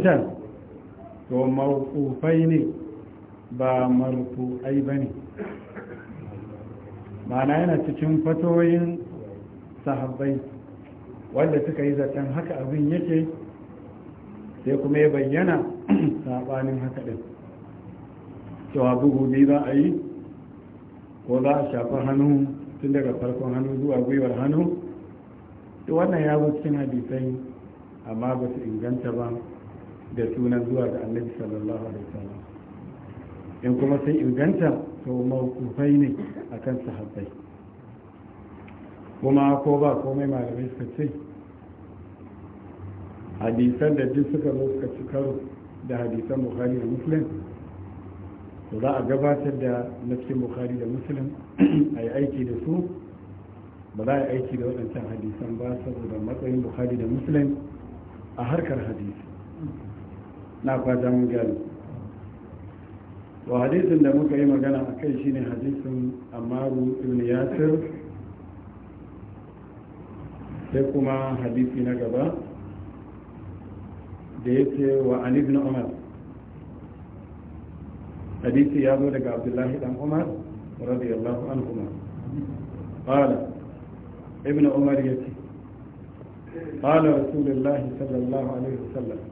can to marfufai ne ba marfufai ba ne mana yana cikin fatoyin sahabbai wanda suka yi zaton haka abin yake sai kuma ya bayyana saɓanin haka din cewa bugu ne za a yi ko za a shafi hannu tun daga farkon hannu zuwa gwiwar hannu to wannan ya cikin hadisai amma ba su inganta ba da sunan zuwa ga annabi sallallahu alaihi wasallam in kuma sai inganta to mawkufai ne akan sahabbai kuma ko ba komai malamai suka ce hadisan da duk suka zo suka ci karo da hadisan bukhari da muslim to za a gabatar da nafsin bukhari da muslim a yi aiki da su ba za a yi aiki da waɗancan hadisan ba saboda matsayin bukhari da muslim a harkar hadisi na fata mun gani wa hadisin da muka yi magana a kai shine hadisin amaru ibn yasir sai kuma hadisi na gaba da ya ce wa ali ibn umar hadisi ya zo daga abdullahi dan umar radiyallahu anhu qala ibn umar yace qala rasulullahi sallallahu alaihi wasallam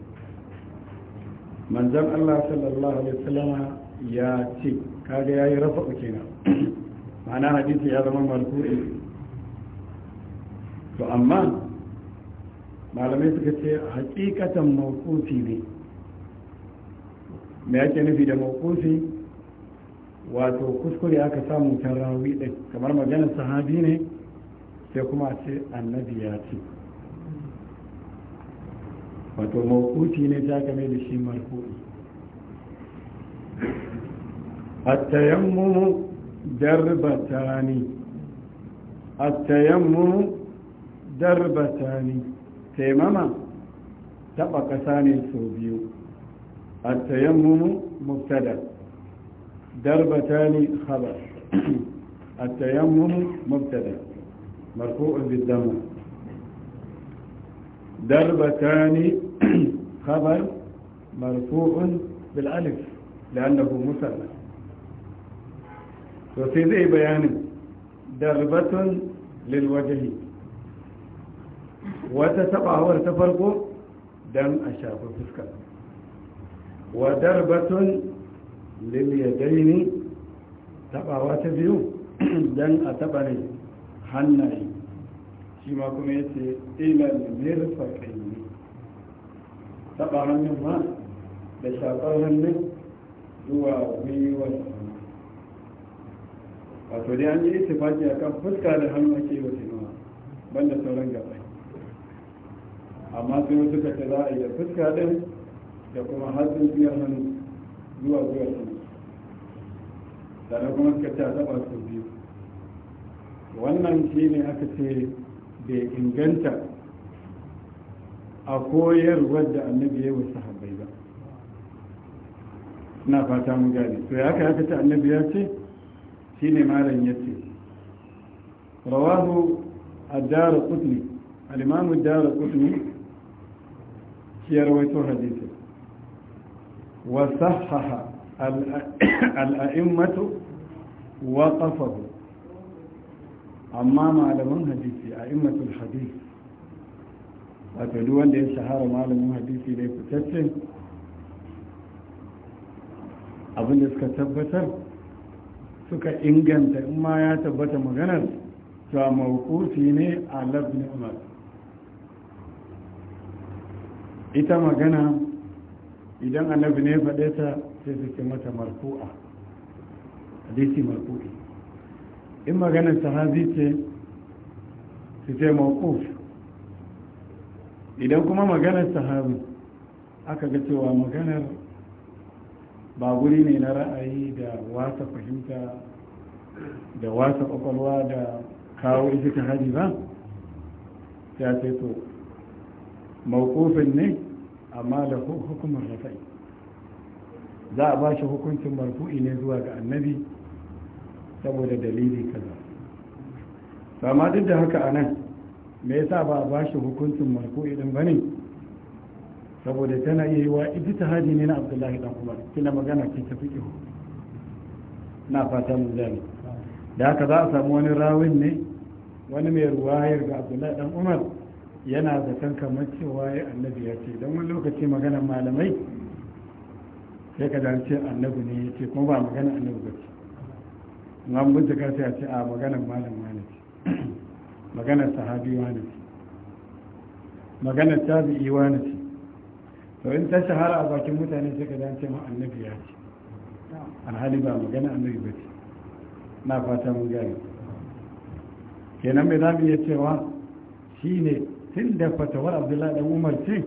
manzan Allah sallallahu alaihi wasallama ya ce kaga yayi rafa na, ma'ana hadisi ya zama marfu'i to amma malamai suka ce hakikatan mawqufi ne me yake nufi da mawqufi wato kuskure aka samu kan rawi din kamar maganar sahabi ne sai kuma a ce annabi ya ce wato mawkuti ne ta game da shi marfu'i at-tayammum darbatani at-tayammum darbatani taimama taba ƙasa ne sau biyu at-tayammum mubtada darbatani khabar at-tayammum mubtada marfu'un bid-damma دربتان خبر مرفوع بالألف لأنه مثنى وفي ذي بيان دربة للوجه وتتبع وارتفرق دم أشاف فسكا ودربة لليدين تبع وتبيو دم أتبري حنعي shi ma kuma ya ce ilal mirfaƙai taɓa hannun ma da shafar hannun zuwa gwiwar wato dai an yi itifaki a kan fuska da hannu ake yi wa ban banda sauran gaba amma sai wata ce za a yi da fuska ɗin da kuma hatsin biyar hannu zuwa gwiwar hannu sannan kuma suka ce a taɓa su biyu wannan shi ne aka ce bai inganta a koyar da annabi ya wasu habai ba na fata mun gane to ya aka yaka ta annabi ya ce shi ne maran ya ce rawahu a dara kutni alimamu dara kutni ciyar waito hadisi wasahaha al'a'immatu wa ƙafahu amma malamin hadisi a immatul hadis wato duk wanda ya shahara malamin hadisi ne fitaccen abinda suka tabbatar suka inganta in ma ya tabbata maganar a mawukusi ne a labin umar ita magana idan annabi ne faɗe ta sai suke mata marfu'a hadisi marfu'i in maganar sahabi ce su ce mawquf idan kuma maganar sahabi aka ga cewa maganar ba guri ne na ra'ayi da wasa fahimta da wasa kwakwalwa da kawo ita hadi ba ya ce to mawqufin ne amma da hukumar rafai za a ba shi hukuncin marfu'i ne zuwa ga annabi saboda dalili kaza amma duk da haka anan me yasa ba a bashi hukuncin marko idan bane saboda tana iya yiwa ijtihadi ne na Abdullahi dan Umar kina magana ce ta fiqh na fata mu gane da haka za a samu wani rawin ne wani mai ruwayar ga Abdullahi dan Umar yana zaton kamar cewa ya annabi ya ce don wani lokaci maganar malamai sai ka ce annabi ne ya ce kuma ba magana annabi ba ce nan bincika sai a ce a maganar malam wani ce maganar sahabi wani ce maganar tabi'i wani ce to in ta shahara a bakin mutane sai ka dan ce mun annabi ya ce alhali ba magana annabi ba ce na fata mun gani kenan mai zamu iya cewa ne tun da fatawar abdullahi dan umar ce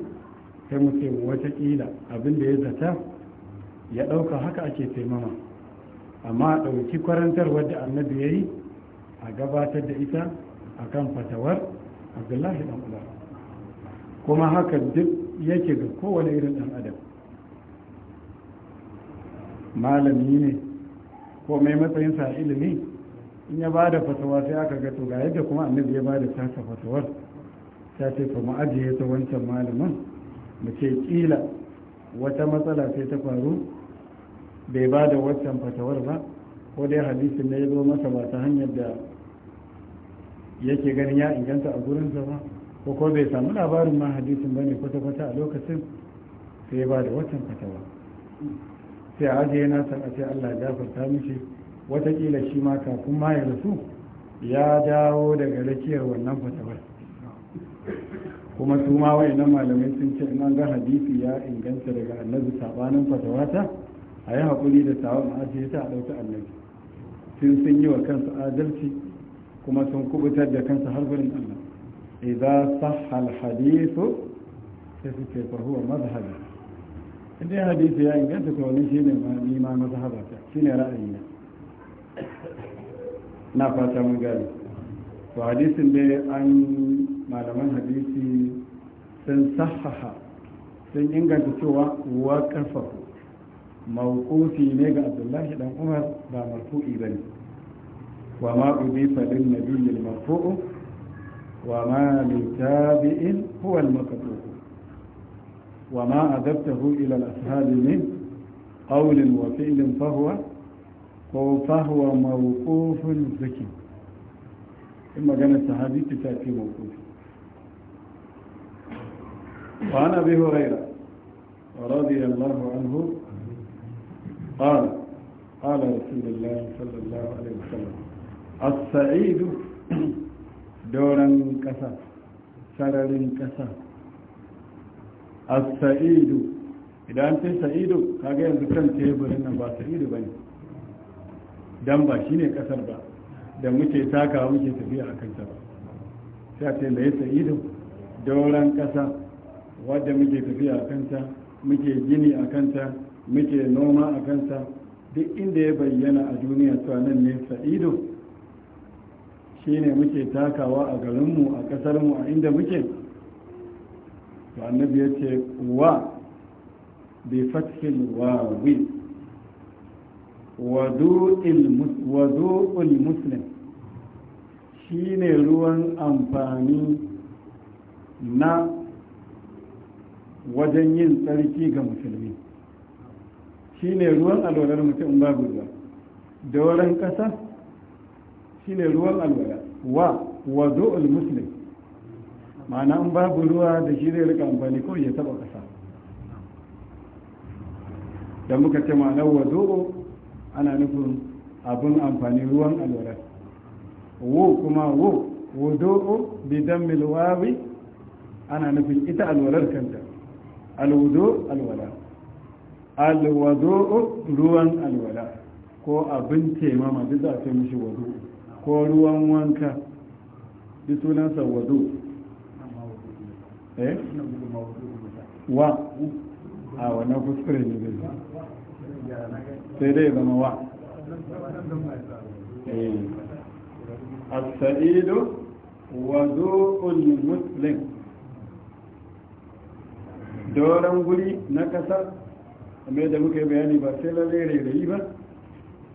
sai mu ce kila abin da ya zata ya ɗauka haka ake taimama amma a ɗauki kwarantarwar da annabi ya yi a gabatar da ita a kan fatawar abdullahi ɗan umar kuma haka duk yake ga kowane irin ɗan adam malami ne ko mai matsayinsa a ilimi in ya ba da fatawa sai aka ga to ga yadda kuma annabi ya bada da tasa fatawar ta ce to ajiye ta wancan malamin mu ce kila wata matsala sai ta faru bai ba da waccan fatawar ba ko dai hadisin da ya zo masa ba ta hanyar da yake ganin ya inganta a gurinsa ba ko ko bai samu labarin ma hadisin ba ne kwata-kwata a lokacin sai ya ba da waccan fatawa sai a ajiye na san a ce allah ya gafarta mishi watakila shi ma kafin ma ya rasu ya dawo daga rakiyar wannan fatawar kuma su ma wa'annan malamai sun ce in an ga hadisi ya inganta daga annabi sabanin fatawata a yi haƙuri da tawon ajiye ta a ɗauki annabi sun sun yi wa kansu adalci kuma sun kubutar da kansu har gurin Allah idza sahha al sai su ce fa huwa mazhabi ya hadisi ya inganta shi ne shine ma ni ma mazhaba ta ne ra'ayi na na fata mun gani to hadisin da an malaman hadisi sun sahaha sun inganta cewa wa kafafu موقوفي نيجا عبد الله بن عمر با مرفوع بني وما أضيف للنبي المرفوع وما لتابع هو المقطوع وما أدبته إلى الأسهال من قول وفعل فهو فهو موقوف ذكي ثم كان الصحابي تتأتي موقوف وعن أبي هريرة رضي الله عنه قال قال رسول الله صلى الله عليه وسلم السعيد دورا كسا سرر كسا السعيد إذا أنت سعيد كاجا يذكر تيبرنا با سعيد بني dan ba shine kasar ba da muke takawa muke tafiya a kanta ba sai a ce da ya sa'idu dauran kasa wadda muke tafiya a kanta muke gini a kanta muke noma a kansa duk inda ya bayyana a duniya cewa nan ne sa'ido ne muke takawa a garinmu a ƙasarmu a inda muke ba na ya ce wa bi fathil wawi wadu'ul muslim shine ruwan amfani na wajen yin tsarki ga musulmi Shi ne ruwan alwalar mutum babu ruwa doron ƙasa ne ruwan alwala wa wazo muslim ma'ana in babu ruwa da shi zai rika amfani ko ya taba ƙasa da muka ce ma'anar wazo ana nufin abin amfani ruwan alwala wo kuma wo wazo bi dammil wawi ana nufin ita alwalar kanta al'wudo alwala alwazo ruwan alwala ko abin taimama duk za a mishi wado ko ruwan wanka duk sunansa wado eh wa a wannan kuskure ne zai sai dai zama wa eh as-sa'idu wazo'ul muslim doron guri na kasar amma da muka yi bayani ba sai lalle rairayi ba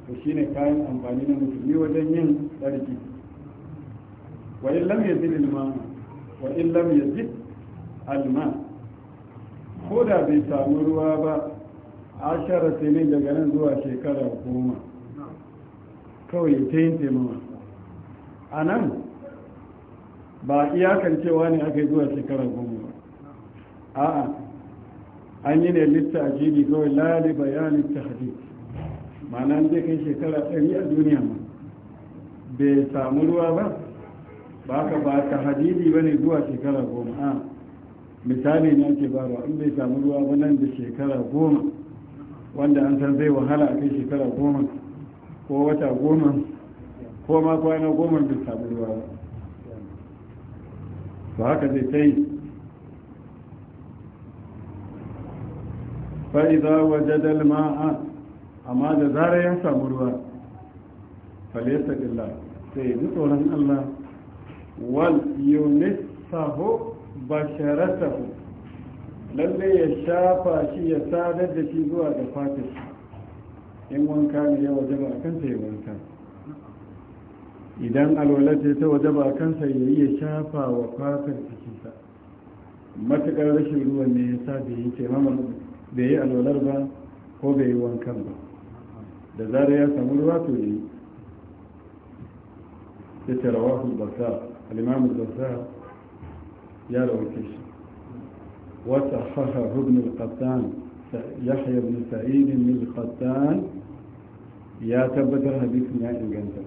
to shine kayan amfani na musulmi wajen yin tsarki wa in lam yazid al-ma wa in lam yazid al-ma ko da bai samu ruwa ba shara sai ne daga nan zuwa shekara goma kawai ta yin taimawa a nan ba iyakan cewa ne aka yi zuwa shekara goma ba a'a an yi ne lista a jini kawai lali bayanin ta hadith ma'ana zai kai shekara ɗari a duniya ma bai samu ruwa ba ba ka ba ta hadidi ba ne zuwa shekara goma a misali ne ake ba in bai samu ruwa ba nan da shekara goma wanda an san zai wahala a kai shekara goma ko wata goma ko ma kwana goma bai samu ruwa ba to haka zai ta yi fa'iza waje dalma'a amma da zarar ya samu ruwa falesa illa sai ji tsoron allah wal yunis saho basharatahu lalle ya shafa shi ya sadar da shi zuwa da fatis in wanka ne ya waje ba kanta ya wanka idan alwalace ta waje ba kansa ya yi ya shafa wa fatar cikinsa matuƙar rashin ruwan ne ya sa da yake mamar bai yi alwalar ba ko bai yi wankan ba da zara ya samu ruwa to yi ya ce rawahu basa alimamu basa ya rawace shi wata haha hubn al-qattan yahya ibn sa'id ibn al-qattan ya tabbatar hadisin ya inganta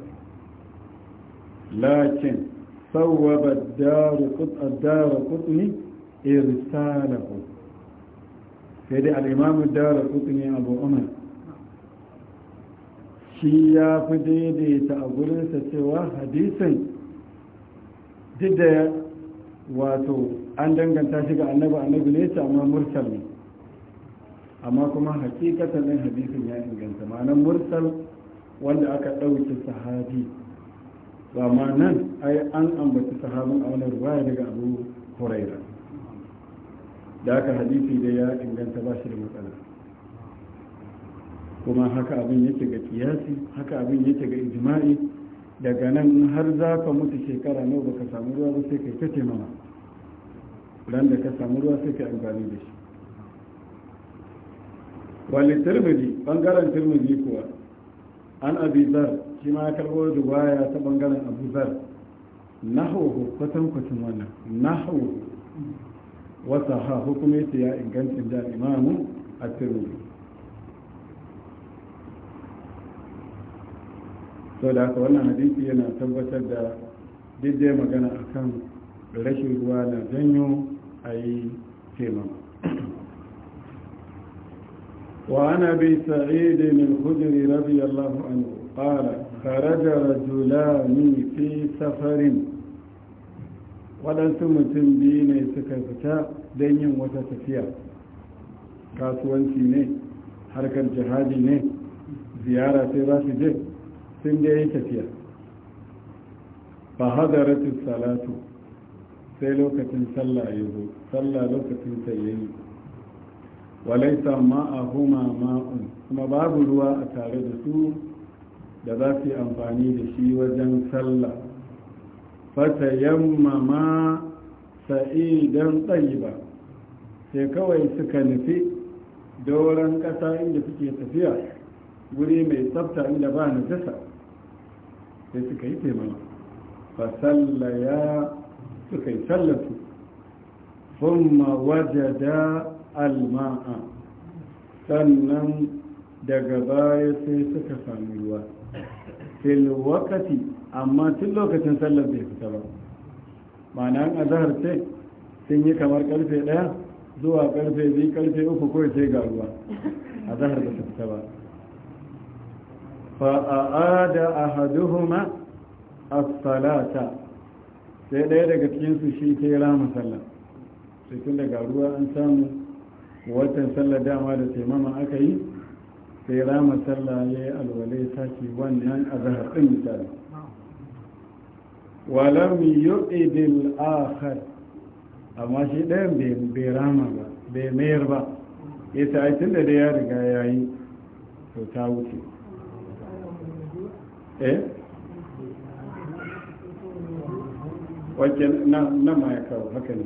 lakin sawwaba ad-dar qutni irsalahu sai dai al'imamu dara kutuni abu umar shi ya fi daidaita a gurinsa cewa hadisin duk da wato an danganta shi ga annabi annabi ne amma mursal ne amma kuma hakikatan ɗin hadisin ya inganta ma'anar mursal wanda aka ɗauki sahabi ba ma nan ai an ambaci sahabin a wani ruwaya daga abu huraira da haka hadisi da ya inganta ba shi da matsala kuma haka abin yake ga kiyasi haka abin yake ga ijma'i daga nan har za ka mutu shekara nawa baka samu ruwa ba sai kai ta taimama ran da ka samu ruwa sai kai amfani da shi wali tirmidhi bangaren tirmidhi kuwa an abi zar shi ma ya karbo riwaya ta bangaren abu zar nahwu kwatan kwatan wannan nahwu wata ha ta ya ingancin da imamu a tirmidhi sau da haka wannan hadisi yana tabbatar da daidai magana akan rashin ruwa na janyo a yi teman وعن ابي سعيد الخدري رضي الله عنه قال خرج رجلان في سفر waɗansu mutum biyu ne suka fita don yin wata tafiya kasuwanci ne harkar jihadi ne ziyara sai za su je sun da yi tafiya Ba fahadaratin salatu sai lokacin sallah ya zo sallah lokacin ta yayi walaisa ma'ahuma ma'un kuma babu ruwa a tare da su da za su yi amfani da shi wajen sallah fatayammama sa'idan tsayiba sai kawai suka nufi doron ƙasa inda suke tafiya guri mai tsafta inda ba jasa sai suka yi taimama fasallaya suka yi sallatu kuma wajada alma'a sannan daga baya sai suka sami ruwa filwakati wakati amma tun lokacin sallar bai fita ba ma'ana an azahar ce sun yi kamar karfe ɗaya zuwa karfe biyu karfe uku ko sai ga ruwa azahar ba ta fita ba fa'ada ahaduhuma a salata sai ɗaya daga su shi ke rama salla sai tun daga ruwa an samu watan sallar dama da taimama aka yi sai rama salla ya yi alwale sake wannan azahar ɗin misali walam yu'idil akhar amma shi ɗayan bai rama ba bai mayar ba ya ta aitin da ya riga ya yi to ta wuce eh wacce na ma ya kawo haka ne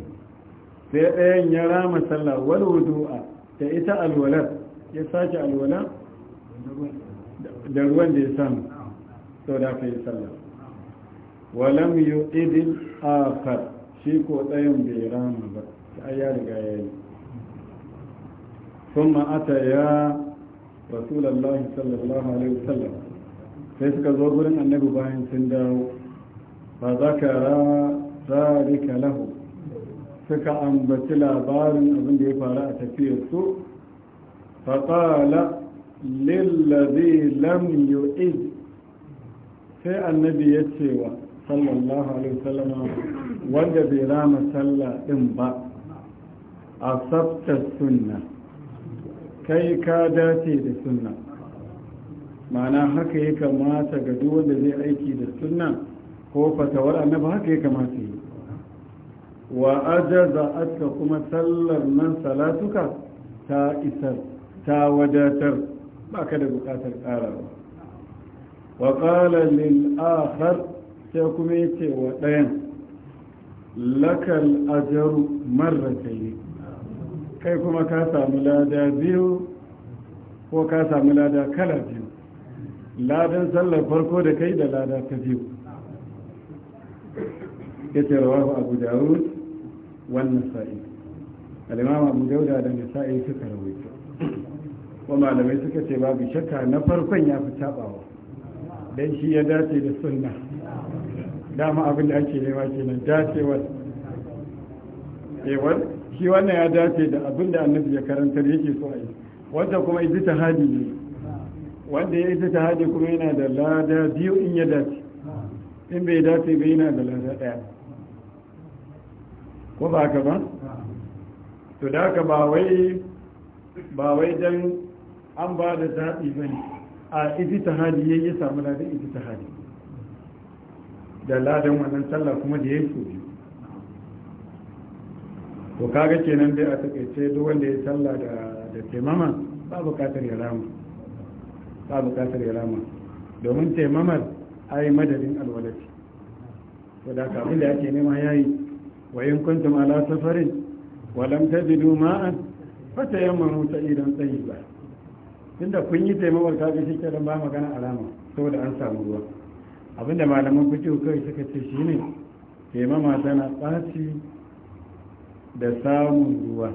sai ɗayan ya rama sallah wal wudu'a ta ita alwalar ya sake alwalar. da ruwan da ya samu sau da aka yi sallah walam yu idil akar shi ko ɗayan bai rama ba ai ya riga ya yi sun ma'ata ya rasulallah sallallahu alaihi wasallam sai suka zo gurin annabi bayan sun dawo fa zakara zalika lahu suka ambaci labarin abin da ya faru a tafiyar su fa lillazi lam yu'id sai annabi ya ce wa sallallahu alaihi wasallam wanda bai rama sallah din ba a tsafta sunna kai ka dace da sunna Mana haka ya kamata ga duk wanda zai aiki da sunna ko fatawar annabi haka ya kamata yi wa ajaza atka kuma sallar nan salatuka ta isar ta wadatar baka da bukatar karawa wa qala lil sai kuma ya ce wa ɗayan lakal ajaru marratai kai kuma ka samu lada biyu ko ka samu lada kala biyu ladan sallar farko da kai da lada ta biyu ya ce rawahu abu dawud wannan sa'i al'imam abu dauda da nisa'i suka rawaito ko malamai suka ce babu shakka na farkon ya fi tabawa don shi ya dace da sunna dama abin da ake nema kenan dacewar ewar shi wannan ya dace da abin da annabi ya karantar yake so a yi wanda kuma izi ta hadi ne wanda ya izi ta hadi kuma yana da lada biyu in ya dace in bai dace bai yana da lada ɗaya ko ba haka ba to da haka ba wai ba wai dan an ba da zaɓi ba ne a izi ta hadi ya yi samu lada izi ta hadi da ladan wannan sallah kuma da ya yi biyu to kaga kenan dai a takaice duk wanda ya sallah da da taimama ba bukatar ya rama ba bukatar ya rama domin taimamar ai madadin alwalati to da kafin da ake nema yayi wa in kuntum ala safarin wa lam tajidu ma'an tayammamu sa'idan tayyiba tunda kun yi taimawar ga shi kenan ba magana alama saboda an samu ruwa abinda malaman fikihu kai suka ce shi ne, taimama tana ɓaci da samun ruwa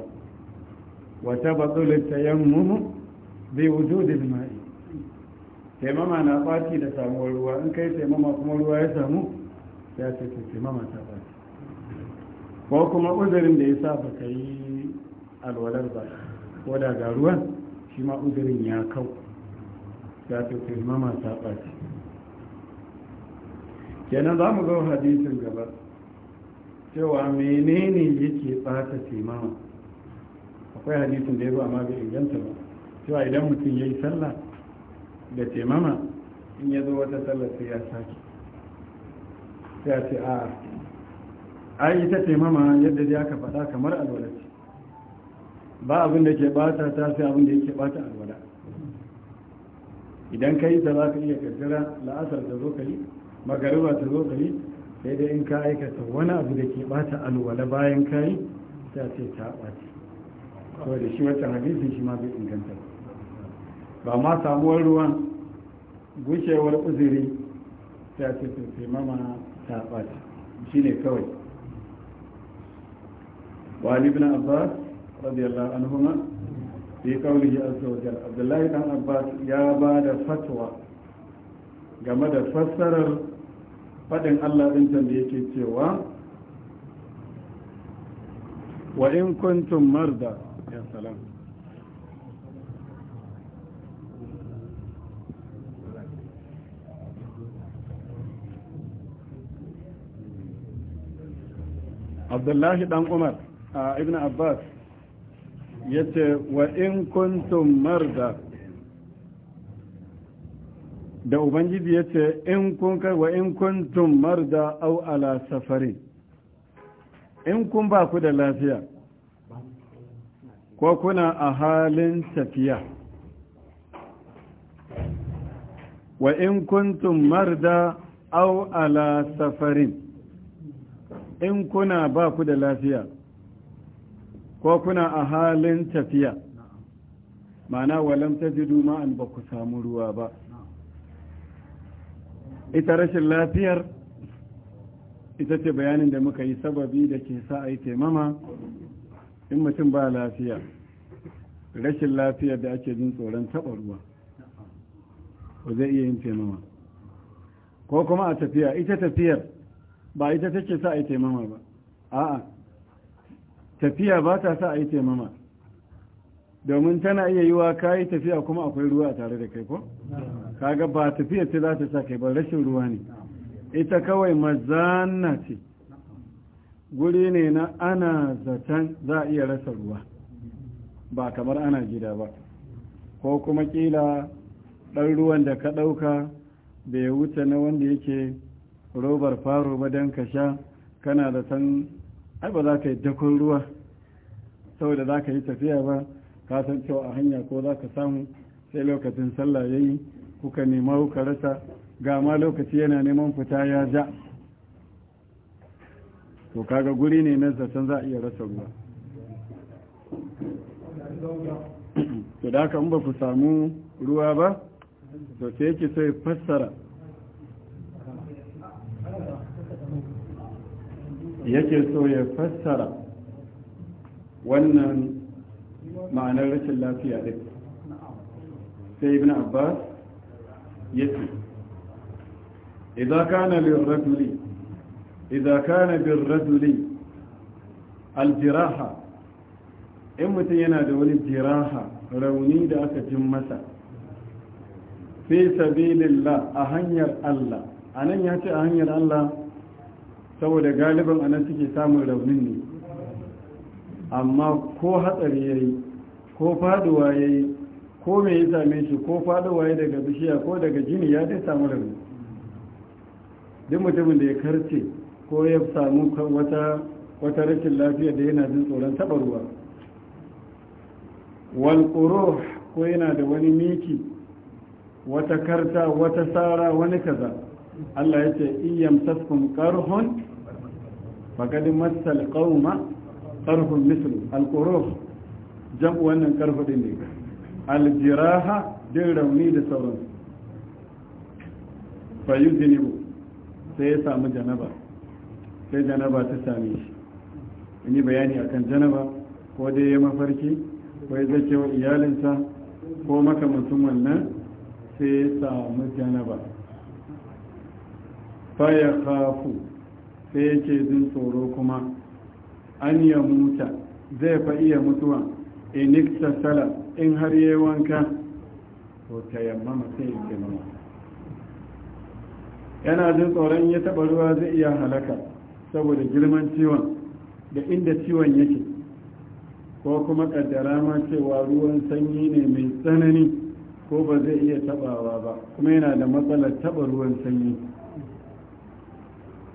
wata batsulun tayammumu bai wujo da jima'i taimama na ɓaci da samuwar ruwa in kai taimama kuma ruwa ya samu ya ce taimama ta ɓaci ko kuma uzurin da ya sa ba ka yi alwalar ba ko da ga ruwan shi ma uzurin ya kau ya ce taimama ta ɓaci kenan za mu ga hadisin gaba cewa menene yake bata timama akwai hadisin da ya zo amma bai inganta ba cewa idan mutum ya yi sallah da timama in ya zo wata sallar sai ya sake sai a ce a ai ta timama yadda da aka faɗa kamar alwala ce ba abin da ke bata ta sai abin da yake bata alwala idan ka yi ta za ka iya kaddara la'asar da zo ka yi magariba ta zo gari sai dai in ka aikata wani abu da ke bata alwala bayan kayi ta ce ta bace kawai da shi wancan hadisin shi ma bai inganta ba ma samuwar ruwan gushewar uzuri ta ce ta ce mama ta bace shi ne kawai wani ibn abbas radiyallahu anhuma fi qawlihi azza wa jalla abdullahi dan abbas ya ba da fatwa game da fassarar Faɗin Allah din da yake cewa wa in kuntum marda ya salam Abdullahi dan Umar a Ibn Abbas yace wa in kuntum marda da ubangiji ya ce in kun kai wa in kuntum da au ala safari in kun ba ku da lafiya ko kuna a halin tafiya wa in kun tummar da au ala safarin in kuna ba ku da lafiya ko kuna a halin tafiya mana walam tajidu ma'an ba ku samu ruwa ba ita rashin lafiyar ita ce bayanin da muka yi sababi da ke sa a yi taimama in mutum ba lafiya rashin lafiyar da ake jin tsoron taɓa ruwa ba zai iya yin taimama ko kuma a tafiya ita tafiyar ba ita take sa a yi taimama ba a'a tafiya ba ta sa a yi taimama domin tana iya yiwa ka yi tafiya kuma akwai ruwa a tare da kai ko? kaga ba tafiya ce za ta sa kai ba rashin ruwa ne ita kawai mazanna ce guri ne na ana zaton za a iya rasa ruwa ba kamar ana gida ba ko kuma kila ɗan ruwan da ka ɗauka bai wuce na wanda yake robar faro ba don ka sha kana da san ai ba za ka yi dakon ruwa saboda za ka yi tafiya ba ka san cewa a hanya ko za ka samu sai lokacin sallah ya yi kuka nema kuka rasa ga ma lokaci yana neman fita ya ja to kaga guri ne na zaton za a iya rasa ruwa to da haka ba ku samu ruwa ba to sai yake sai fassara yake so ya fassara wannan ma'anar rashin lafiya ɗin sai ibn abbas yake idan kana lirrajuli idan kana birrajuli aljiraha in mutum yana da wani jiraha rauni da aka jin masa fi sabilillah a hanyar Allah a nan ya ce a hanyar Allah saboda galiban a nan suke samun raunin ne amma ko hatsari yayi ko faduwa yayi ko me ya same shi ko faɗowa ya daga bishiya ko daga jini ya dai samu rauni duk mutumin da ya karce ko ya samu wata rashin lafiya da yana jin tsoron taɓa ruwa ko yana da wani miki wata karta wata tsara wani kaza allah ya ce iyam taskun ƙarhun fagadin matsal ƙauma ƙarhun mislu alƙuro jam'u wannan ƙarfudin ne aljiraha din rauni da sauran fayu zinibu sai ya samu janaba sai janaba ta same shi in yi bayani akan janaba ko dai ya mafarki ko ya zake wa iyalinsa ko maka makamantin wannan sai ya samu janaba faya kafu sai ya ce jin tsoro kuma an ya muta zai fa iya mutuwa inikta salat in har yi wanka to ta yamma sai ya taimama yana jin tsoron ya taba ruwa zai iya halaka saboda girman ciwon da inda ciwon yake ko kuma kaddara ma cewa ruwan sanyi ne mai tsanani ko ba zai iya tabawa ba kuma yana da matsalar taba ruwan sanyi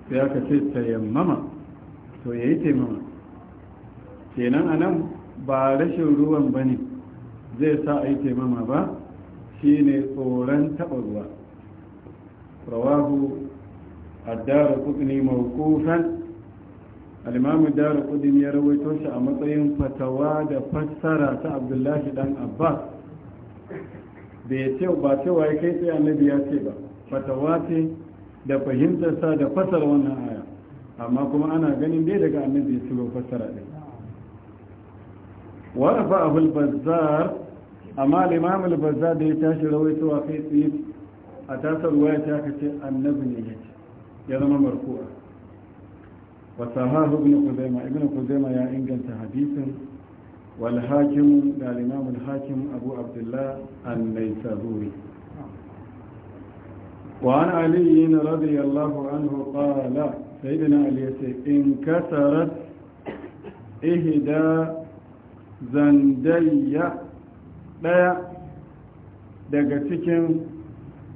sai aka ce tayammama to ya yi taimama kenan a nan ba rashin ruwan ba ne zai sa a yi taimama ba shi ne tsoron taɓa ruwa rawahu addara kudini kofan alimamu dara kudini ya rawaito shi a matsayin fatawa da fassara ta abdullahi dan abbas bai ce ba cewa ya kai tsaye annabi ya ce ba fatawa ce da fahimtarsa da fassara wannan aya amma kuma ana ganin dai daga annabi ya ci fassara ɗin ورفعه البزار amma limamin bazza da ya tashi rawaitowa kai tsaye a tasar waya ta aka ce annabi ne ya ce ya zama marfu'a wa sahahu ibn kuzaima ibn kuzaima ya inganta hadisin wal hakim da limamin hakim abu abdullah an-naisaburi وعن علي رضي الله عنه قال سيدنا علي انكسرت إهدى زندية ɗaya daga cikin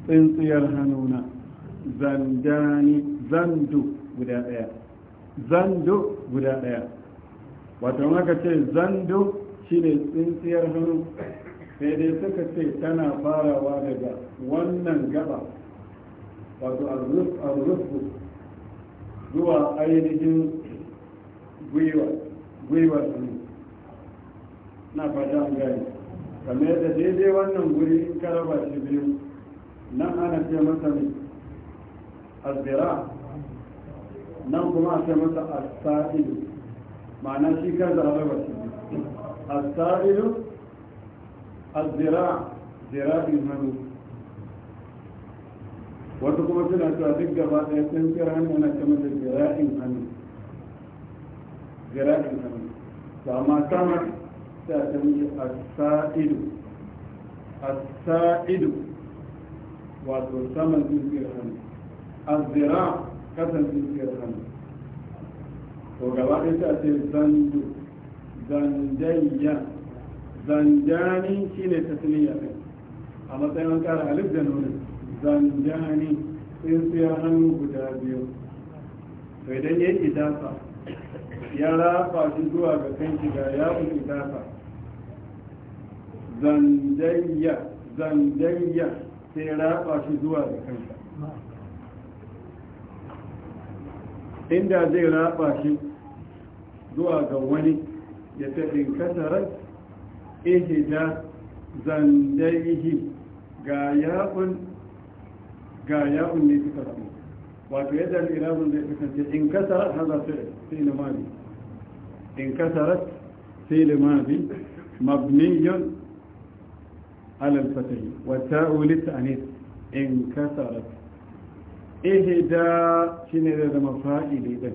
tsintsiyar hannuna zandani zandu guda ɗaya zandu guda ɗaya wato maka ce zandu shi ne tsintsiyar hannu sai dai suka ce tana farawa daga wannan gaba wato arzufu zuwa ainihin gwiwa gwiwa na fata gani kamar yadda daidai wannan guri in ka raba shi biyu nan ana ce masa mai azira nan kuma a ce masa asa'ilu ma'ana shi kan da ba shi biyu asa'ilu azira in hannu wata kuma suna cewa duk gaba ɗaya sun kira hannu ana ce masa zira'in hannu zira'in hannu to amma samar sa ta muke as-sa'idu as-sa'idu saman dukiyar hannu az-zira kasan dukiyar hannu to gaba ɗaya ta ce zanjani shine tasniya ɗin a matsayin an da zanjani hannu guda biyu ya ya rafa shi zuwa ga kan shiga ya fi idasa zandayya zandayya sai raba shi zuwa da kansa inda zai raba shi zuwa ga wani ya tafi kasarar ihida zandayihi ga yaƙun ga yaƙun ne suka samu. wato yadda al'irabun zai kasance in kasarar haza sai limani in kasarar sai limani mabniyon على الفتح والتاء للتأنيث انكسرت إهدا شنو إذا زما فاعل إذا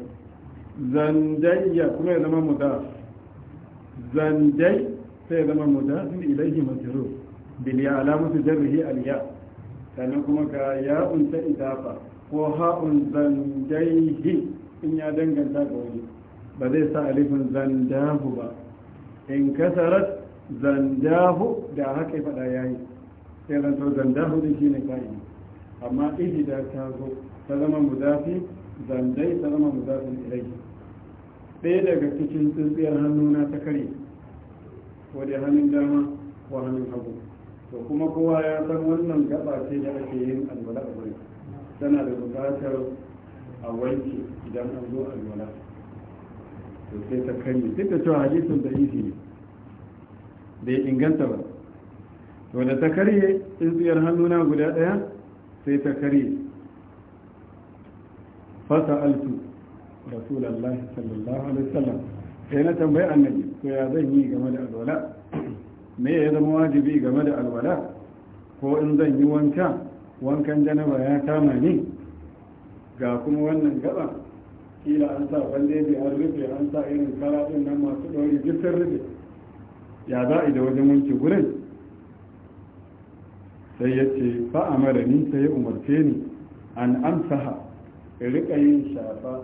زندية كما إذا ما مضاف زندي إذا ما مضاف إليه مجرور بالياء علامة جره الياء sannan kuma ga ya'un ta idafa ko ha'un zandaihi in ya danganta ga wani ba zai sa alifin zandahu da haka faɗa ya yi sai to zandahu din shi ne ka'idi amma da ta zo ta zama mudafi zandai ta zama mudafin ilai ɗaya daga cikin tsintsiyar hannuna ta kare ko da hannun dama ko hannun hagu to kuma kowa ya san wannan gaba ce da ake yin alwala a wurin tana da buƙatar a wanke idan an zo alwala to sai ta kare duk da cewa hadisin da ne bai inganta ba to da ta karye tsintsiyar hannuna guda ɗaya sai ta karye fasa altu rasulallah sallallahu alaihi wasallam sai na tambayi annabi ko ya zan yi game da alwala me ya zama wajibi game da alwala ko in zan yi wanka wankan janaba ya kama ni ga kuma wannan gaba kila an sa bandeji an rufe an sa irin kara nan masu ɗauri duk rufe ya za a da wajen wanke gurin sai ya ce fa a marani sai ya umarce ni an amsaha rika yin shafa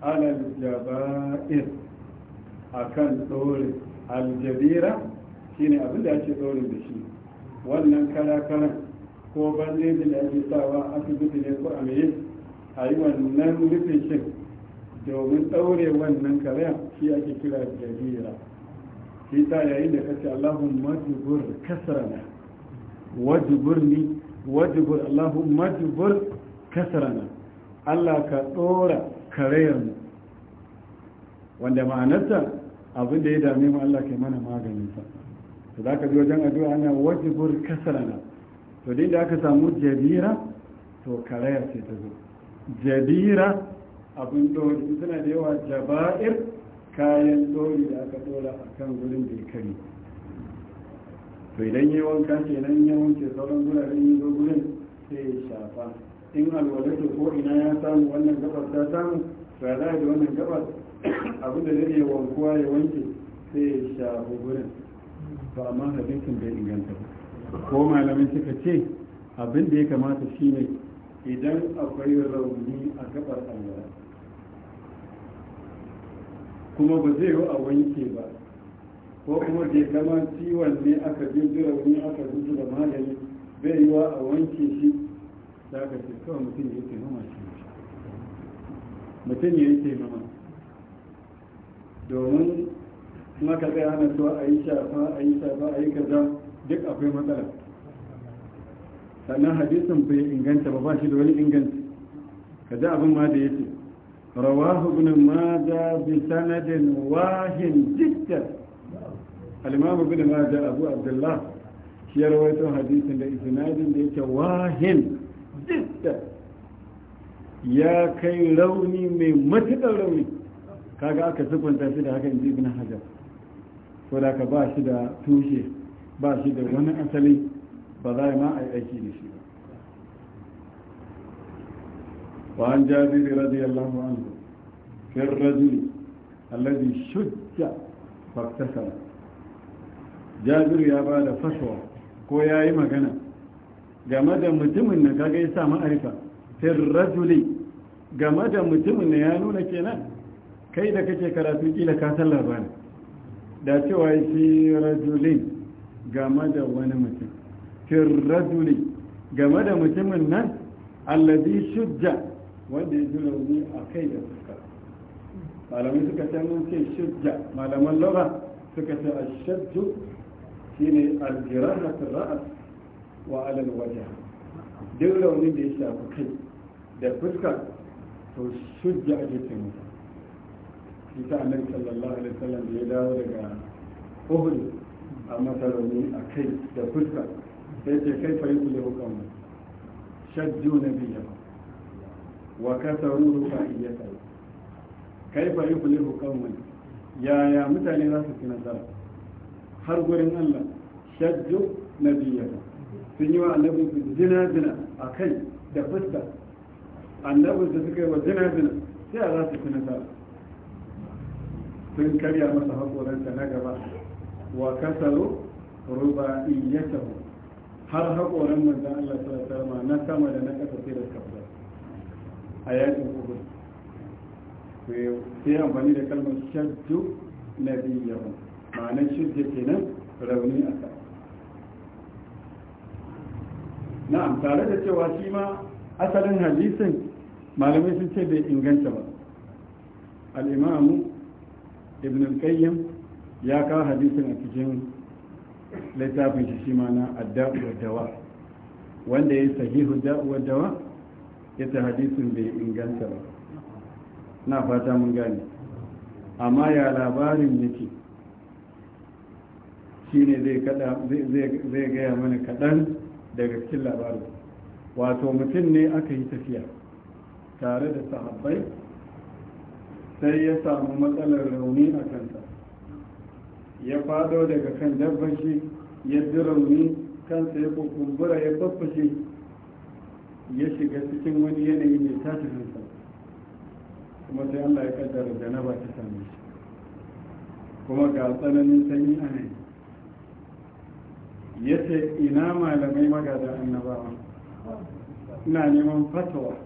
alal jaba'ir a kan tsorin aljabira shi ne abin abinda ake tsorin da shi wannan kalakalan ko bandejin da ake sawa a asibiti ne ko a meye a yi wannan rufin shi domin ɗaure wannan kalayan shi ake kira jabira shi ta yayin da kace Allahumma jibur kasrana wajburni wajbur Allahumma jibur kasrana Allah ka dora karayar mu wanda ma'anarsa abin da ya dame mu Allah kai mana maganin sa to zaka ji wajen addu'a ana wajbur kasrana to din da aka samu jabira to karayar ce ta zo jabira abin dole suna da yawa jaba'ir kayan dori da aka dora a kan wurin da ya kari to idan yi wanka ke nan ya wanke sauran guraren yi zo gurin sai ya shafa in alwala to ko ina ya samu wannan gabar ta samu to da wannan gabar abin da zai wankuwa ya wanke sai ya shafa gurin to amma hadisin bai inganta ko malamin suka ce abin da ya kamata shine idan akwai rauni a gabar alwala kuma ba zai yi a wanke ba ko kuma da kama ciwon ne aka jirgin wani aka zuzu da magani bai yi wa a wanke shi za ka ce kawai mutum ya ce mama shi mutum ya ce mama domin ka zai hana cewa a yi shafa a yi shafa a yi kaza duk akwai matsala sannan hadisin bai inganta ba ba shi da wani inganci ka ji abin ma da ya رواه ابن ماجه بسند واهن جدا الإمام ابن ماجه أبو عبد الله shi ya rawaito hadisin da isnadin da yake wahin jidda ya kai rauni mai matuƙar rauni kaga aka sufanta shi da haka inji ibn hajar ko da ka ba shi da tushe ba shi da wani asali ba za ma a yi aiki da shi ba وعن جابر رضي الله عنه في الرجل الذي شج فاكتسر جابر يا بعد فشوى ko ya yi magana game da mutumin na kaga ya sa ma'arifa firrajuli game da mutumin na ya nuna kenan kai da kake karatu kila ka san labarin da cewa shi rajulin game da wani mutum firrajuli game da mutumin nan allazi shujja wanda ya ji rauni a kai da fuska malamai suka ce mun ce shajja malaman lura suka ce a shajju shine al-jirahatu ra'as wa ala al-wajh duk raunin da ya shafi kai da fuska to shajja ake ce masa shi ta annabi sallallahu alaihi wasallam da ya dawo daga uhud a masa rauni a kai da fuska sai ce kai fa yi kule hukamu shajju nabiyahu wa kasaru rufaiyatan kaifa yuflihu qaumun yaya mutane za su ci nasara har gurin Allah shajju nabiyata sun yi wa annabi zina zina a kai da fuska annabin da suka yi wa zina zina sai a za su ci nasara sun karya masa haƙoranta na gaba wa kasaro rubaiyatahu har haƙoran manzan Allah sallallahu alaihi wasallam na sama da na ƙasa sai da kafa a yakin uhud sai amfani da kalmar shaddu na biyahu ma'anar ke kenan rauni a sa na'am tare da cewa shi ma asalin hadisin malamai sun ce bai inganta ba al'imamu ibn al-qayyim ya kawo hadisin a cikin littafin shi shi ma na adda'u dawa wanda ya sahihu da'u dawa ita hadisin bai inganta ba na fata mun gane amma ya labarin yake shine zai gaya mana kaɗan daga cikin labarin wato mutum ne aka yi tafiya tare da sahabbai sai ya samu matsalar rauni a kanta. ya fado daga kan dabbashi ya ji rauni kansa ya kukumbura ya babbashe ya shiga cikin wani yanayi mai tashi hankali kuma sai allah ya kaddara janaba ta same shi kuma ga tsananin sanyi a nan ya ce ina malamai magada annabawa ina neman fatawa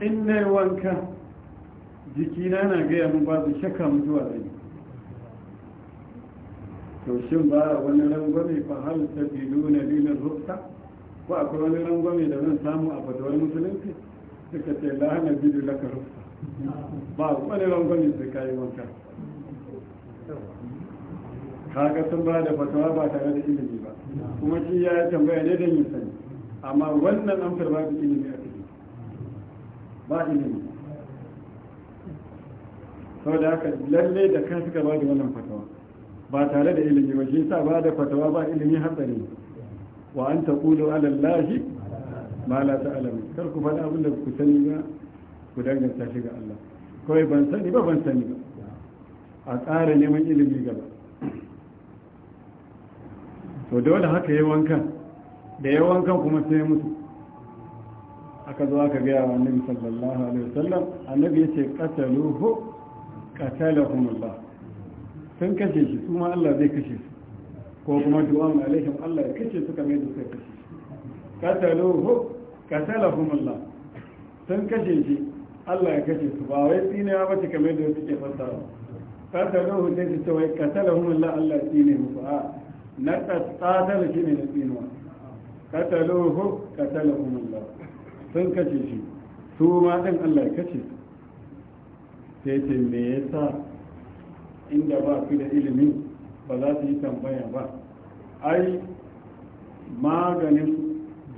in na wanka jikina na gaya mun babu shakka mutuwa zai to shin ba wani rangwame fa hal biyu na dinar rufta ko akwai wani rangwame da zan samu a fatawar musulunci suka ce hana bidu laka rufa ba wani rangwame sai kayi wanka kaga sun ba da fatawa ba tare da ilimi ba kuma shi ya yi tambaya ne don yin sani amma wannan amsar ba ilimi a ciki ba ilimi sau da haka lalle da kan suka ba da wannan fatawa ba tare da ilimi ba shi sa ba da fatawa ba ilimi hatsari wa an taqulu ala allahi ma la ta'lamu kar ku faɗa abin da ku sani ba ku danganta shi ga Allah kawai ban sani ba ban sani ba a tsara neman ilimi gaba to dole haka yi wankan da yi wankan kuma sai mutu aka zo aka gaya wa annabi sallallahu alaihi wasallam annabi yace qataluhu qatalahum Allah sun kashe shi su Allah zai kashe su ko kuma du'an alaihim Allah ya kace suka mai da suka kace qataluhu qatalahum Allah sun kace shi Allah ya kace su ba wai tsine ba ce kamar da suke fassara qataluhu dai su ce wai qatalahum Allah Allah ya tsine mu ba. na tsadar shi ne na tsinuwa qataluhu qatalahum Allah sun kace shi su ma din Allah ya kace su sai ce me yasa inda ba su da ilimi ba za su yi tambaya ba ai maganin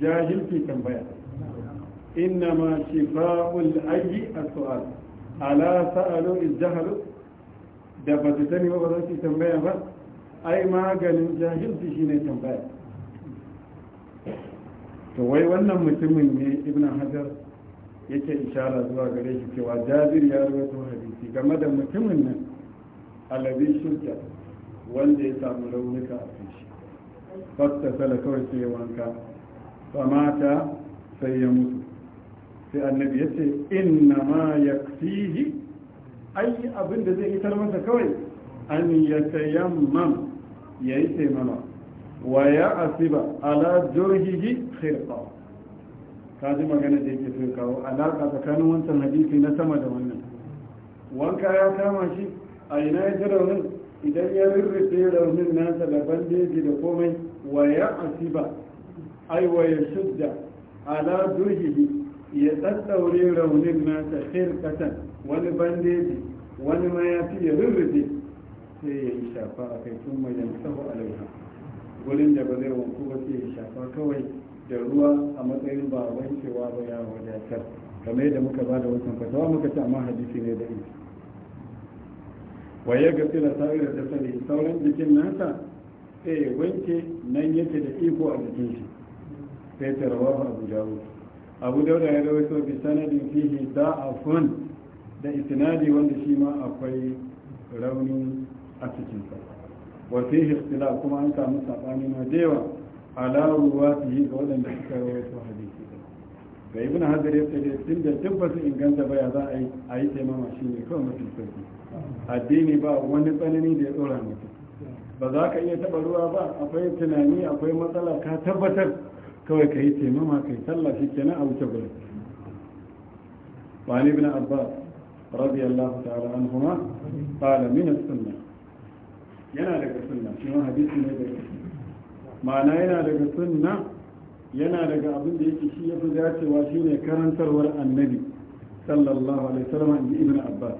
jahilci tambaya inna ma shifa'ul ayyi as ala sa'alu izjahalu da ba ta sani ba tambaya ba ai maganin jahilci shine tambaya to wai wannan mutumin ne ibn hajar yake ishara zuwa gare shi cewa jabir ya rawaito hadisi game da mutumin nan alabi shirka wanda ya samu raunuka fasta sala kawai sai wanka mata sai ya mutu sai annabi ya ce inna ma ya fihi ai abin da zai itar masa kawai an ya tayammam ya yi taimama wa ya asiba ala jirgihi khirqa ka ji magana da yake so kawo alaƙa tsakanin wancan hadisi na sama da wannan wanka ya kama shi a ina ya ji raunin idan ya rurrufe raunin nasa da bandeji da komai wa ya asiba ai wa ya shudda ala duhihi ya tsattaure raunin nasa shirkatan wani bandeji wani mayafi ya rurrufe sai ya yi shafa a kai tun mai yankahu alaiha gurin da ba zai wanku ba sai ya shafa kawai da ruwa a matsayin ba wancewa ba ya wadatar kamar yadda muka ba da wancan fatawa muka ci amma hadisi ne da ita wa ya ga sila sa'ira da sani sauran jikin nasa sai ya wanke nan yake da iko a jikin shi sai ta rawa abu dawo abu dauda ya rawaito bi sanadin fihi da'afun da isnadi wanda shi ma akwai rauni a sa. wa fihi ikhtilaf kuma an samu sabani na da yawa ala ruwatihi ga waɗanda suka rawaito hadisi ga ibn hajar ya tsaye tun da tabbas inganta baya za a yi a yi taimama shi ne kawai mafi sauki addini ba wani tsanani da ya tsora mutum ba za ka iya taɓa ruwa ba akwai tunani akwai matsala ka tabbatar kawai ka yi taimama ka yi sallah shi kenan a wuce gurin wani ibn abbas radiyallahu ta'ala anhuma qala min as-sunnah yana daga sunna shi hadisi ne da ma'ana yana daga sunna yana daga abin da yake shi ya fi dacewa shi ne karantarwar annabi sallallahu alaihi wasallam in ibn abbas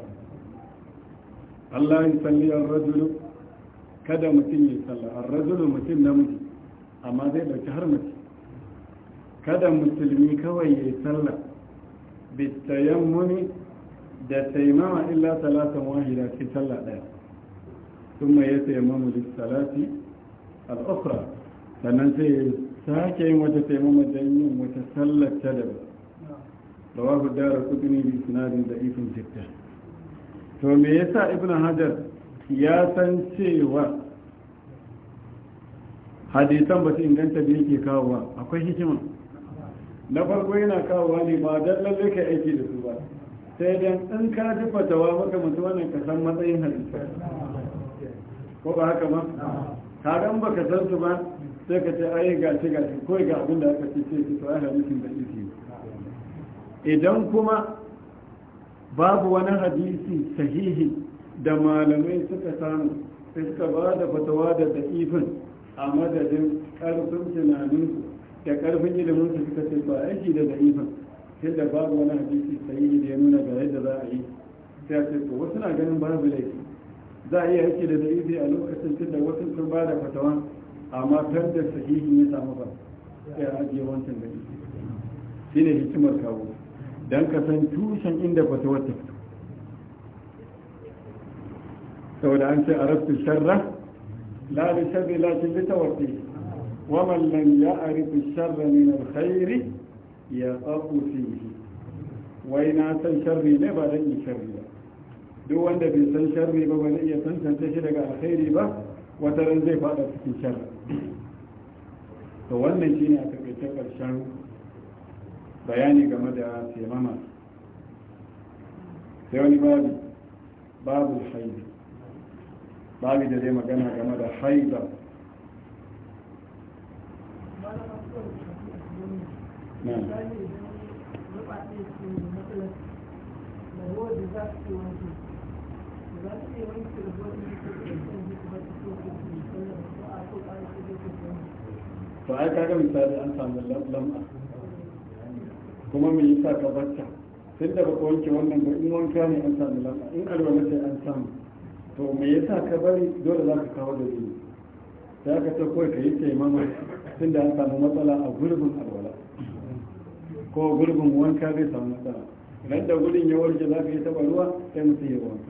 Allah ya salli ar-rajulu kada mutum ya salla ar-rajulu mutum na namiji amma zai dauki har mace kada musulmi kawai ya salla bitayammuni da taimama illa salatan wahida sai salla daya ثم يتيمم للصلاه الاخرى sannan sai sake yin wata taimama don yin wata sallar ta da wafi dara kudini da sinadin da ifin jidda to me yasa ibn hajar ya san cewa hadisan ba su inganta da yake kawowa akwai hikima na farko yana kawowa ne ba don lalle ka aiki da su ba sai dan in ka ji fatawa maka mutu wannan ka san matsayin hadisa ko ba haka ba ka ba baka san su ba sai ka ce ai gashi gashi kawai ga abin da aka ce sai ki tsaya hadisin da isi idan kuma babu wani hadisi sahihi da malamai suka samu sai suka ba da fatawa da da'ifin a madadin karfin tunaninsu da karfin ilimin su suka ce ba aiki da da'ifin sai da babu wani hadisi sahihi da ya nuna ga yadda za a yi sai a ce to wasu na ganin babu laifi za a iya aiki da da'ifi a lokacin tunda wasu sun ba da fatawa amma kan da sahihin ya samu ba sai a ajiye wancan da shi ne hikimar kawo don ka san tushen inda ba ta wata fito saboda an ce a rafin sharra la da sharri la ta bi tawarti wa man lam ya'rifu sharra min al-khairi ya tsaku fihi wai na san sharri ne ba dan yi sharri ba duk wanda bai san sharri ba ba zai iya tantance shi daga alkhairi ba wata ran zai fada cikin sharri to wannan shine a takaice karshen bayani game da taimama sai wani babu babu haidi babu da zai magana game da haida na to ai kaga misali an samu lam'a kuma me yasa ka bacca tun da baka wanke wannan ba in wanka ne an samu lam'a in alwala sai an samu to me yasa ka bari dole za ka kawo da jini sai aka ce kawai ka yi taimama tun da an samu matsala a gurbin alwala ko gurbin wanka zai samu matsala idan da gudun ya warke za ka yi taɓa ruwa sai mutum ya wanka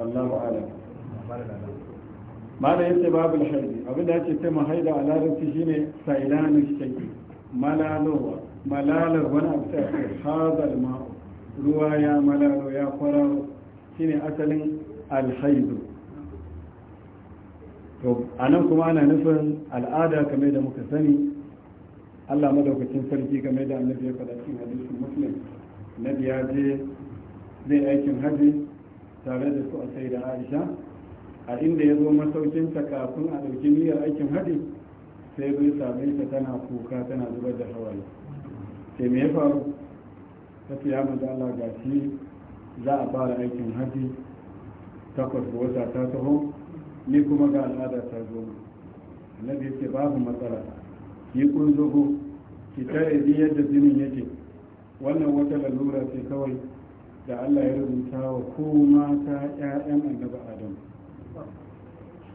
wallahu alam mala yace babul haidi abinda yake ce mahaida a larabci shine sailani shaki malalowa malalar wani abu sai ake hadal ma'u ruwa ya malalo ya kwararo shine asalin alhaidu to anan kuma ana nufin al'ada kamar da muka sani Allah madaukakin sarki game da annabi ya faɗa cikin hadisin muslim nabi ya je zai aikin haji tare da su a sai da aisha a inda ya zo masaukinta kafin a ɗauki niyyar aikin haɗi sai zai same ta tana kuka tana zubar da hawaye sai me ya faru ta ya maza Allah ga shi za a fara aikin haɗi takwas ga wata ta taho ni kuma ga al'ada ta zo biyu ce babu matsala ki kun zuhu ki tare ni yadda jinin yake wannan wata lalura ce kawai da Allah ya rubuta wa ko mata 'ya'yan annabi Adam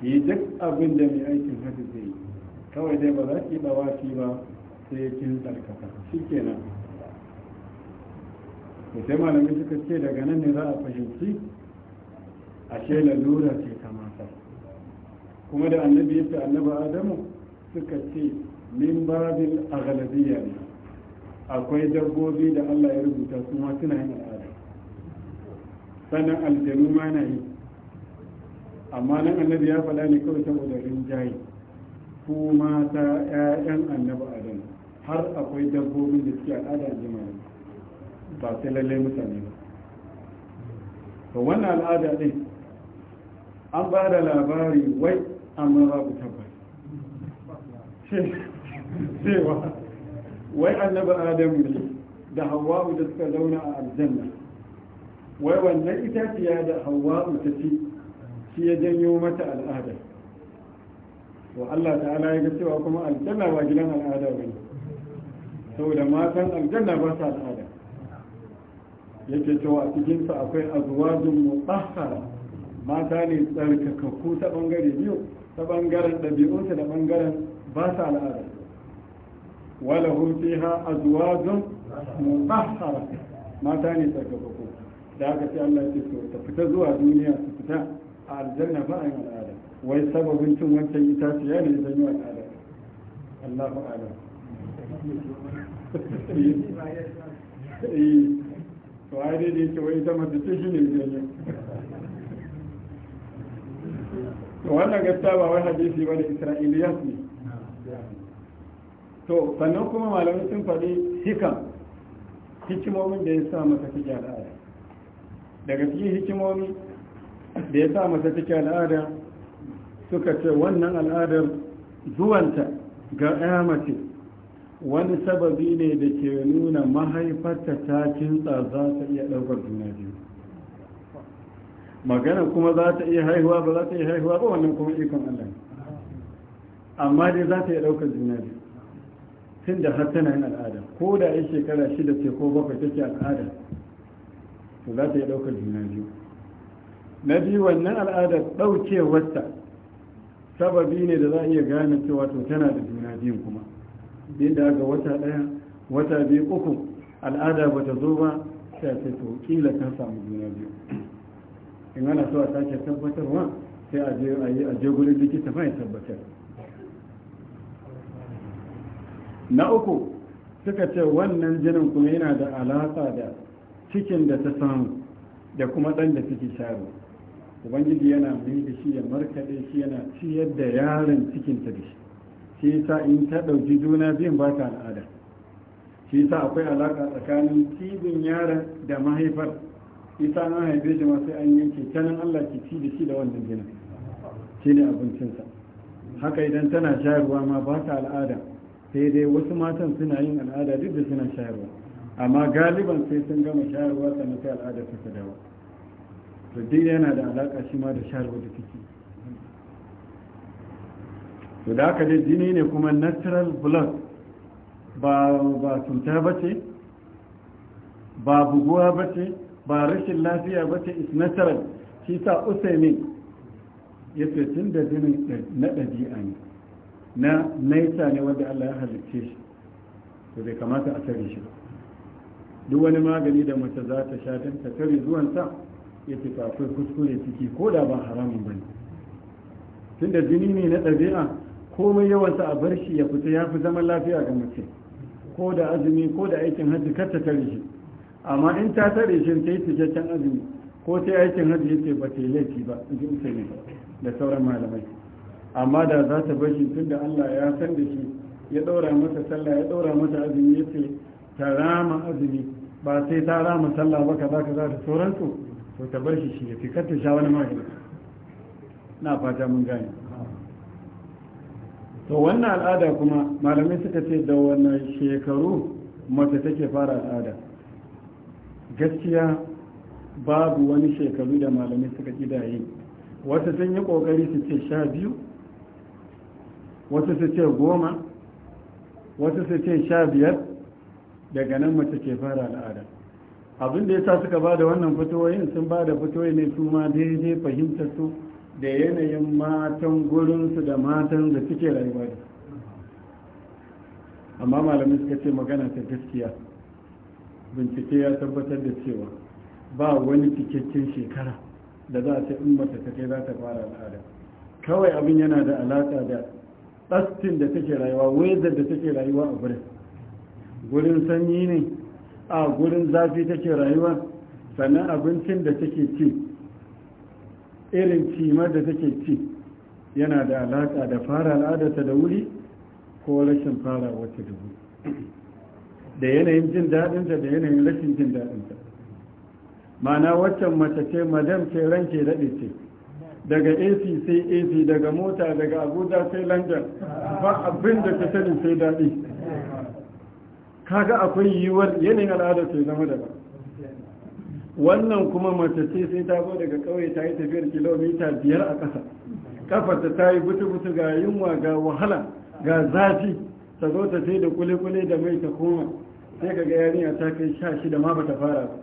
yi duk abin da mai aikin haɗu zai yi kawai dai ba za ki yi dawafi ba sai kin tsarkaka shi kenan da sai malamai suka ce daga nan ne za a fahimci ashe lalura ce kamata kuma da annabi ya ce annaba adamu suka ce min babin agalabiya ne akwai dabbobi da allah ya rubuta su ma suna yin al'ada sannan aljanu ma na yi amma nan annabi ya faɗa ne kawai saboda rinjaye ku mata 'ya'yan annabi adam har akwai dabbobin da suke al'ada a jima'a ba sai lallai mutane ba to wannan al'ada ɗin an ba da labari wai amma babu tabbas cewa wai annabi adam ne da hawa'u da suka zauna a aljanna wai wannan itaciya da hawa'u ta ci shi ya janyo mata al'ada wa Allah ta'ala ya ga cewa kuma aljanna ba gidan al'ada bane saboda matan aljanna ba su al'ada yake cewa a cikin sa akwai azwajun mutahhara mata ne tsarkakakku ta bangare biyu ta bangaren ɗabi'unsa da bangaren ba su al'ada wala hum fiha azwajun mutahhara mata ne tsarkakakku da aka ce Allah ya ce ta fita zuwa duniya su fita a aljanna ba a yi al'ada wai sababin cin wancan itaciya ne zan yi al'ada Allahu alam eh. Eh. to ai ne da yake wai ita mace ce shine janye to wannan gaskiya ba wai hadisi ba da isra'iliyat ne to sannan kuma malamai sun faɗi hikam hikimomin da ya sa masa fi jana'a daga cikin hikimomi da ya sa masa take al'ada suka ce wannan al'adar zuwanta ga ya wani sababi ne da ke nuna mahaifarta ta kintsa za ta iya ɗaukar juna biyu magana kuma za ta iya haihuwa ba za ta iya haihuwa ba wannan kuma ikon Allah amma dai za ta iya ɗaukar juna biyu tun da har tana yin al'ada ko da ya shekara shida ce ko bakwai take al'ada to za ta iya ɗaukar juna biyu na biyu wannan al'adar ɗaukewarta sababi ne da za a iya gane cewa to tana da juna biyun kuma inda ga wata ɗaya wata biyu uku al'ada ba ta zo ba sai ce to kila ta samu juna biyu in ana so a sake tabbatarwa sai a je a yi a je gurin likita mai tabbatar na uku suka ce wannan jinin kuma yana da alaƙa da cikin da ta samu da kuma ɗan da suke sharo ubangiji yana mai da shi ya markaɗe shi yana ciyar da yaron cikinta da shi shi yasa in ta ɗauki juna biyun ba ta al'ada shi yasa akwai alaƙa tsakanin cibin yaron da mahaifar isa an haife shi masu an yanke nan allah ke ci da shi da wannan gina shi ne abincinsa haka idan tana shayarwa ma ba ta al'ada sai dai wasu matan suna yin al'ada duk da suna shayarwa amma galiban sai sun gama shayarwa sannan sai al'ada ta dawo to yana da alaƙa shi da shayarwa da take to da aka jini ne kuma natural blood ba ba cuta ba ba buguwa ba ba rashin lafiya ba ce is natural shi sa usaini ya ce tun da jini na ɗabi'a ne na naita ne wanda allah ya halicce shi to bai kamata a tare shi duk wani magani da mace za ta sha ta tare zuwan ta. ya ce kuskure ciki ko da ba haramun bane tunda jini ne na ɗabi'a komai yawansa a bar shi ya fita ya fi zaman lafiya ga mace ko da azumi ko da aikin hajji kar ta tare shi amma in ta tare shi ta yi cikakken azumi ko ta aikin hajji ya ce ba ta yi laifi ba in ji ne da sauran malamai amma da za ta bar shi tunda allah ya san da shi ya ɗora masa sallah ya ɗora masa azumi ya ce ta rama azumi ba sai ta rama sallah ba ka kaza za da sauransu ko ta bar shi shi ya fi ta sha wani magani na fata mun gane to wannan al'ada kuma malamai suka ce da wannan shekaru mace take fara al'ada gaskiya babu wani shekaru da malamai suka kidaye wata sun yi kokari su ce sha biyu wata su ce goma wata su ce sha biyar daga nan mace ke fara al'ada abin da ya sa suka ba da wannan fitoyin sun bada da ne su ma daidai fahimtar su da yanayin matan gurinsu da matan da suke rayuwa da amma malamai suka ce magana ta gaskiya bincike ya tabbatar da cewa ba wani cikakken shekara da za a ce in mace ta kai za ta fara al'ada kawai abin yana da alaƙa da tsastin da take rayuwa wezar da take rayuwa a gurin gurin sanyi ne a gurin zafi take rayuwa sannan abincin da take ci irin cimar da take ci yana da alaƙa da fara al'adarta da wuri ko rashin fara wata da wuri da yanayin jin daɗinta da yanayin rashin jin daɗinta mana waccan mace ce madam ce ranke daɗe ce daga ac sai ac daga mota daga abuja sai london ba abin da ta sani sai daɗi kaga akwai yiwuwar yanayin al'adar ta zama da wannan kuma mace ce sai ta zo daga kauye ta yi tafiyar kilomita biyar a ƙasa kafarta ta yi butu-butu ga yunwa ga wahala ga zafi ta zo ta sai da kule-kule da mai ta koma sai ga yarinya a kai sha shida ma ba ta fara ba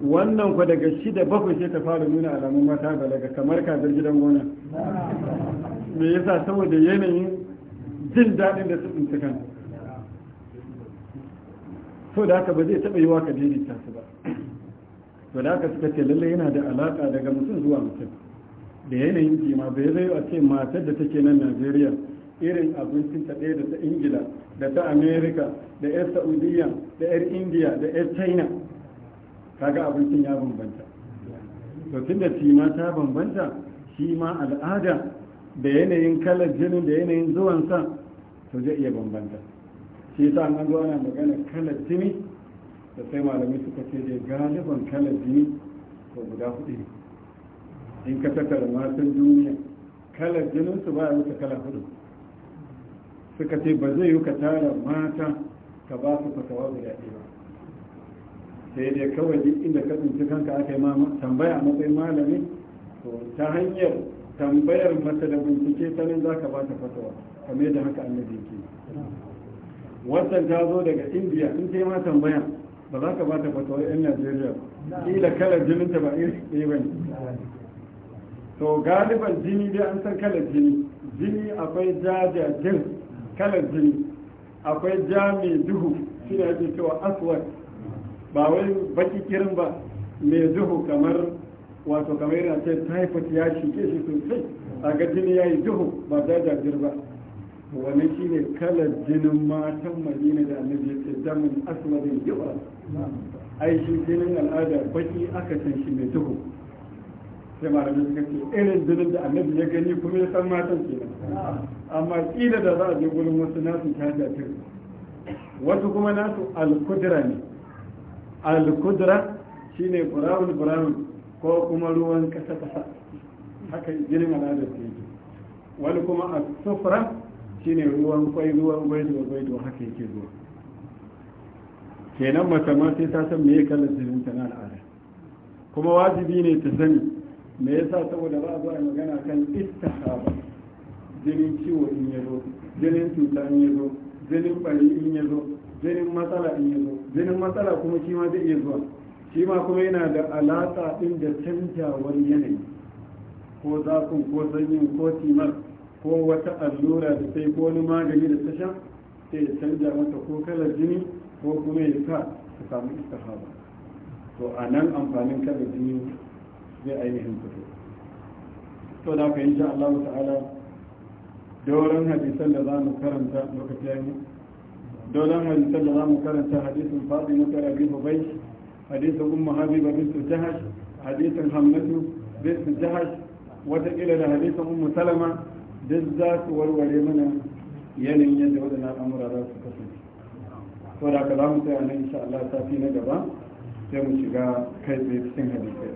wannan kwa daga shida bakwai sai ta fara nuna alamun mata balaga kamar kazar gidan gona me yasa saboda yanayin jin daɗin da su tsinci kan. ko da haka ba zai taɓa wa ka daidaita su ba to da haka suka ce lallai yana da alaƙa daga mutum zuwa mutum da yanayin jima bai zai a ce matar da take nan najeriya irin abincin ta ɗaya da ta ingila da ta america da yar saudiya da yar india da yar china kaga abincin ya bambanta to tunda tima ta bambanta shi ma al'ada da yanayin kalar jinin da yanayin zuwansa to zai iya bambanta shi yasa an zo ana magana kalar jini da sai malami suka ce dai galiban kalar jini to guda hudu ne in ka tattara matan duniya kalar jinin su baya wuce kala hudu suka ce ba zai yi ka tara mata ka ba su fatawa guda ɗaya ba sai dai kawai duk inda ka tsinci kanka aka yi tambaya a matsayin malami to ta hanyar tambayar mata da bincike ta nan za ka ba ta fatawa kamar yadda haka annabi ke wannan ta zo daga indiya in ta ma tambaya ba za ka ba ta fatawar yan najeriya ila kila kalar jinin ta ba iri ɗaya ba ne to galiban jini dai an san kalar jini jini akwai jajajen kalar jini akwai ja mai duhu shi ne ake cewa aswad ba wai baki kirin ba mai duhu kamar wato kamar yana ce typhoid ya shi sosai a ga jini ya yi duhu ba jajajen ba wani shi ne kalar jinin matan madina da annabi ya damin aswadin yawa ai shi jinin al'ada baki aka san shi mai tuhu sai malamai suka ce irin jinin da annabi ya gani kuma ya san matan ke nan. amma kila da za a je gurin wasu nasu ta jatir wasu kuma nasu alkudura ne alkudura shi ne burawun burawun ko kuma ruwan kasa kasa haka jinin al'ada ke wani kuma a sufra shine ruwan kwai ruwan gwaido gwaido haka yake zuwa kenan mace ma sai ta san meye kallon jirin ta na al'ada kuma wajibi ne ta sani me yasa saboda ba a zo magana kan istihaba jinin ciwo in ya zo jinin cuta in ya zo jinin bari in ya zo jinin matsala in ya zo jinin matsala kuma shi ma zai iya zuwa shi ma kuma yana da alaƙa ɗin da canjawar yanayi ko zafin ko sanyin ko timar ko wata allura da sai ko wani magani da ta sha sai ya canja mata ko kalar jini ko kuma ya sa ta samu istihaba to a nan amfanin kalar jini zai ainihin fito to da ka insha Allah ta'ala doron hadisan da za mu karanta lokaci yayi doron hadisan da za mu karanta hadisin Fatima ta Rabi bai hadisin umma Habiba bint Jahash hadisin Hamnatu bint Jahash wata ila da hadisin umma Salama duk za su warware mana yanayin yadda waɗannan al'amura za su kasance saboda ka za mu tsaya nan insha Allah safi na gaba sai mu shiga kai tsaye cikin hadisai